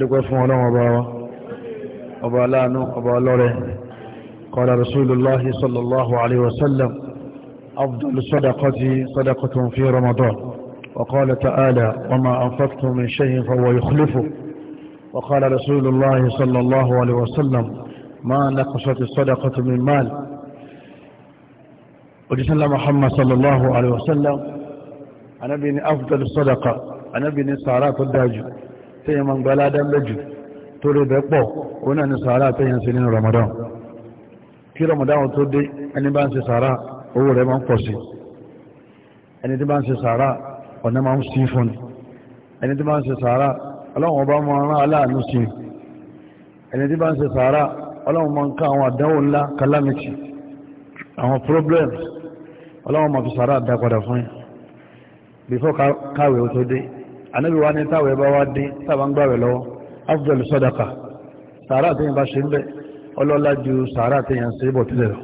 adúgbẹ́ fún ọlọ́run ọba wa ọba aláàánú ọba ọlọ́rẹ̀ kọ́lá rasulullahi sallallahu alaihi wasallam afdal sadaqati sadaqatun fi ramadan wa qala ta'ala wa ma anfaqtum min shay'in fa huwa yukhlifu wa qala rasulullahi sallallahu alaihi wasallam ma naqasat as-sadaqatu min mal òjísánlá muhammad sallallahu alaihi wasallam anábi ni afdal sadaqa anábi ni sàárà tó dájú tẹ́yẹ ma ń gba aládá lẹ́jù torí bẹ́ pọ̀ òun náà ni sàárà tẹ́yẹ ń ṣe nínú Ramadan kí Ramadan tó dé ẹni bá ń ṣe sàárà owó rẹ̀ máa ń pọ̀ sí ẹni tí bá ń ṣe sàárà ọ̀nà máa ń sí fún ẹni tí bá ń ṣe sàárà ọlọ́run ọba máa rán aláàánú sí ẹni tí bá ń ṣe sàárà ọlọ́run máa ń ká àwọn àdánwò ńlá calamity àwọn problems ọlọ́run máa fi sàárà dá padà fún yẹn before káwé ó tó dé anábì wa ní táwẹ̀ bá wá dín táwà ń gbàwẹ̀ lọ́wọ́ afdal sadaqa sàárà àtẹ̀yìn bá ṣe ń bẹ́ ọlọ́lá ju sàárà àtẹ̀yìn ṣe bọ̀ tẹ́lẹ̀ lọ